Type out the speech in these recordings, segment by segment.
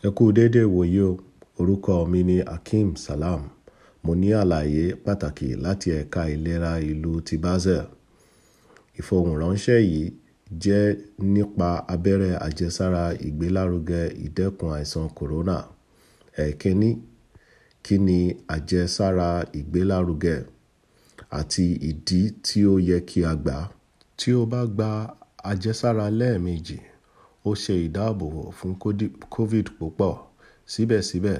ẹ kú déédéé wòye o orúkọ mi ni akeem salam mo ní àlàyé pàtàkì láti ẹ̀ka ìlera ìlú ti basel ìfohùnránṣẹ́ yìí jẹ́ nípa abẹ́rẹ́ àjẹsára ìgbélárugẹ ìdẹ́kun àìsàn corona ẹ̀ẹ́kẹ́ni kí ni àjẹsára ìgbélárugẹ àti ìdí tí ó yẹ kí a gbà tí o bá gba àjẹsára lẹ́ẹ̀mejì ó ṣe ìdáàbòbò fún covid púpọ̀ síbẹ̀síbẹ̀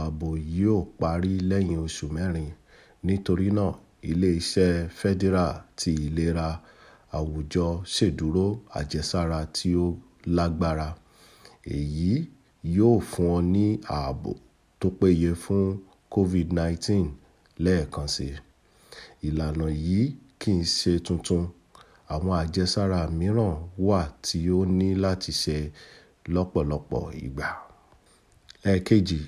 ààbò yìí ò parí lẹ́yìn oṣù mẹ́rin nítorí náà ilé-iṣẹ́ federal ti ìlera àwùjọ ṣèdúró àjẹsára tí ó lágbára èyí yóò fún ọ ní ààbò tó péye fún covid-19 lẹ́ẹ̀kan sí i ìlànà yìí kì í ṣe tuntun Àwọn àjẹsára mìíràn wà tí ó ní láti ṣe lọ́pọ̀lọpọ̀ ìgbà. Ẹ̀ẹ̀kejì,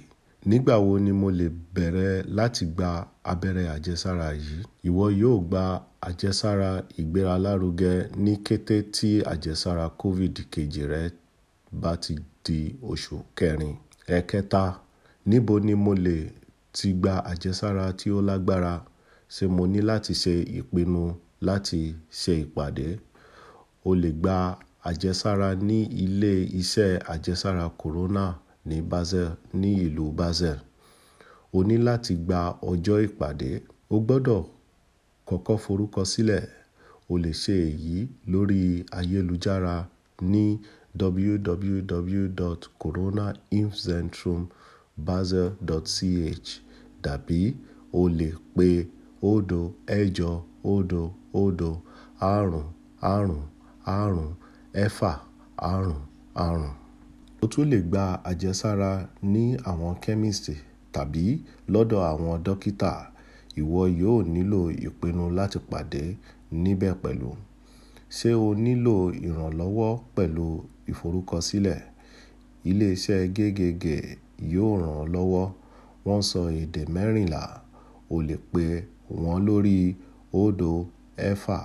nígbà wo ni mo lè bẹ̀rẹ̀ láti gba abẹ́rẹ́ àjẹsára yìí? Ìwọ yóò gba àjẹsára ìgbéralárugẹ ní kété tí àjẹsára COVID kejì rẹ bá ti di oṣù kẹrin. Ẹ̀ẹ̀kẹta, níbo ni mo lè ti gba àjẹsára tí ó lágbára? Ṣé mo ní láti ṣe ìpinnu? láti ṣe ìpàdé. O lè gba àjẹsára ní ilé iṣẹ́ àjẹsára Corona ní Basel ní ìlú Basel. O ní láti gba ọjọ́ ìpàdé. O gbọdọ̀ kọ́kọ́ forúkọ sílẹ̀. O lè ṣe èyí lórí ayélujára ní www.coronainfzentrumbasel.ch tàbí o lè pe. Odo, ẹ̀jọ odo, odo, àrún àrún àrún ẹ̀fà àrún àrún. O tún lè gba àjẹsára ní àwọn chemist tàbí lọ́dọ̀ àwọn dókítà. Ìwọ yóò nílò ìpinnu láti pàdé níbẹ̀ pẹ̀lú. Ṣé o nílò ìrànlọ́wọ́ pẹ̀lú ìforúkọsílẹ̀? Ilé-iṣẹ́ gegege yóò ràn ọ́ lọ́wọ́. Wọ́n sọ èdè mẹ́rìnlá. O lè pe wọ́n lórí òdo ẹ̀fà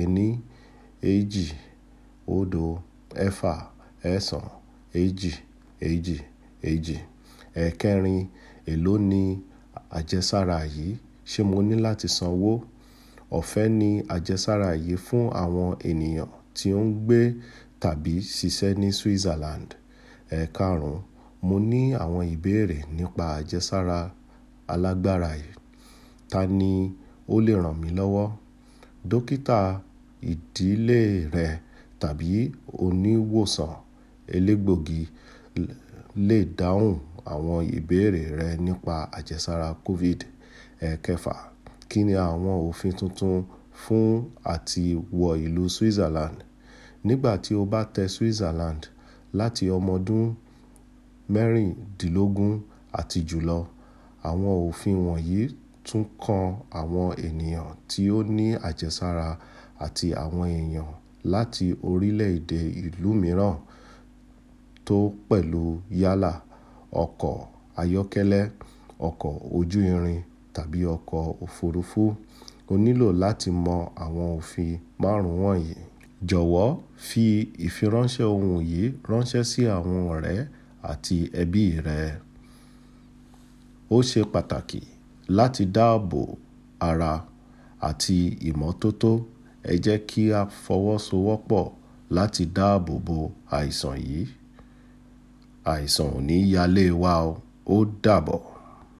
ení èjì òdo ẹ̀fà ẹ̀sán èjì èjì èjì. Ẹ̀kẹrin, èló ni àjẹsára yìí? Ṣé mo ní láti sanwó? Ọ̀fẹ́ ni àjẹsára yìí fún àwọn ènìyàn tí ó ń gbé tàbí ṣiṣẹ́ ní Switzerland. Ẹ̀karùn, mo ní àwọn ìbéèrè nípa àjẹsára alágbára yìí ta ni ó lè ràn mí lọ́wọ́? Dókítà ìdílé rẹ tàbí oníwòsàn elégbòogi lè dáhùn àwọn ìbéèrè rẹ nípa àjẹsára COVID. Ẹ̀kẹfà, kí ni àwọn òfin tuntun fún àti wọ ìlú Switzerland? Nígbà tí o bá tẹ Switzerland láti ọmọdún mẹ́rìndínlógún àti jùlọ, àwọn òfin wọ̀nyí tún kan àwọn ènìyàn tí ó ní àjẹsára àti àwọn èèyàn láti orílẹ̀-èdè ìlú mìíràn tó pẹ̀lú yálà ọkọ̀ ayọ́kẹ́lẹ́, ọkọ̀ ojú irin tàbí ọkọ̀ òfuurufú. O nílò láti mọ àwọn òfin márùn-ún wọ̀nyí. Jọ̀wọ́ fi ìfiránsẹ́ ohùn yìí ránṣẹ́ sí àwọn ọ̀rẹ́ àti ẹbí rẹ. Ó ṣe pàtàkì. Láti dáàbò ara àti ìmọ́tótó, ẹ jẹ́ kí a fọwọ́sowọ́pọ̀ láti dáàbò bo àìsàn yìí. Àìsàn ò ní yálé wa ó dàbọ̀.